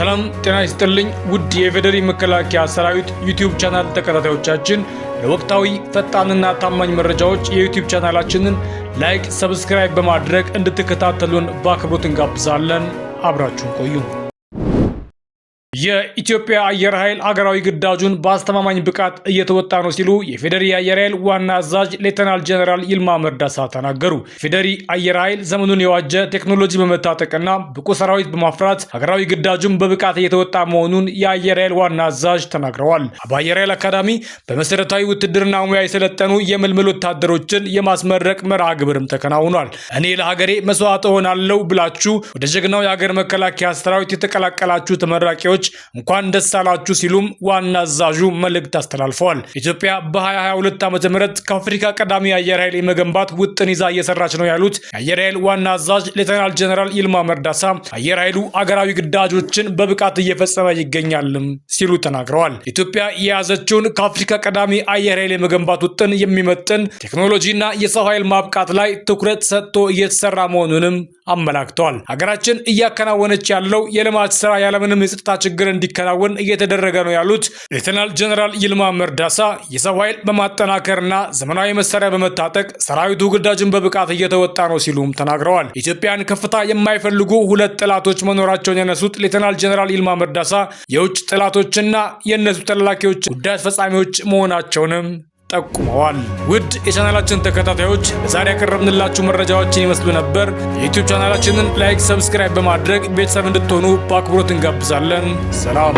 ሰላም ጤና ይስጥልኝ ውድ የፌደሪ መከላከያ ሰራዊት ዩቲዩብ ቻናል ተከታታዮቻችን፣ ለወቅታዊ ፈጣንና ታማኝ መረጃዎች የዩቲዩብ ቻናላችንን ላይክ፣ ሰብስክራይብ በማድረግ እንድትከታተሉን በአክብሮት እንጋብዛለን። አብራችሁን ቆዩም። የኢትዮጵያ አየር ኃይል አገራዊ ግዳጁን በአስተማማኝ ብቃት እየተወጣ ነው ሲሉ የፌዴሪ አየር ኃይል ዋና አዛዥ ሌተናል ጀነራል ይልማ መርዳሳ ተናገሩ። ፌደሪ አየር ኃይል ዘመኑን የዋጀ ቴክኖሎጂ በመታጠቅና ብቁ ሰራዊት በማፍራት አገራዊ ግዳጁን በብቃት እየተወጣ መሆኑን የአየር ኃይል ዋና አዛዥ ተናግረዋል። በአየር ኃይል አካዳሚ በመሰረታዊ ውትድርና ሙያ የሰለጠኑ የምልምል ወታደሮችን የማስመረቅ መርሃ ግብርም ተከናውኗል። እኔ ለሀገሬ መስዋዕት እሆናለሁ ብላችሁ ወደ ጀግናው የሀገር መከላከያ ሰራዊት የተቀላቀላችሁ ተመራቂዎች ጀግኖች እንኳን ደስ አላችሁ ሲሉም ዋና አዛዡ መልእክት አስተላልፈዋል። ኢትዮጵያ በ2022 ዓ ም ከአፍሪካ ቀዳሚ የአየር ኃይል የመገንባት ውጥን ይዛ እየሰራች ነው ያሉት የአየር ኃይል ዋና አዛዥ ሌተናል ጀነራል ይልማ መርዳሳ አየር ኃይሉ አገራዊ ግዳጆችን በብቃት እየፈጸመ ይገኛልም ሲሉ ተናግረዋል። ኢትዮጵያ የያዘችውን ከአፍሪካ ቀዳሚ አየር ኃይል የመገንባት ውጥን የሚመጥን ቴክኖሎጂና የሰው ኃይል ማብቃት ላይ ትኩረት ሰጥቶ እየተሰራ መሆኑንም አመላክተዋል። ሀገራችን እያከናወነች ያለው የልማት ስራ ያለምንም የጸጥታ ችግር እንዲከናወን እየተደረገ ነው ያሉት ሌተናል ጀነራል ይልማ መርዳሳ የሰው ኃይል በማጠናከርና ዘመናዊ መሳሪያ በመታጠቅ ሰራዊቱ ግዳጅን በብቃት እየተወጣ ነው ሲሉም ተናግረዋል። ኢትዮጵያን ከፍታ የማይፈልጉ ሁለት ጠላቶች መኖራቸውን ያነሱት ሌተናል ጀነራል ይልማ መርዳሳ የውጭ ጠላቶችና የእነሱ ተላላኪዎች ጉዳይ አስፈጻሚዎች መሆናቸውንም ጠቁመዋል። ውድ የቻናላችን ተከታታዮች ዛሬ ያቀረብንላችሁ መረጃዎችን ይመስሉ ነበር። የዩቲዩብ ቻናላችንን ላይክ፣ ሰብስክራይብ በማድረግ ቤተሰብ እንድትሆኑ በአክብሮት እንጋብዛለን። ሰላም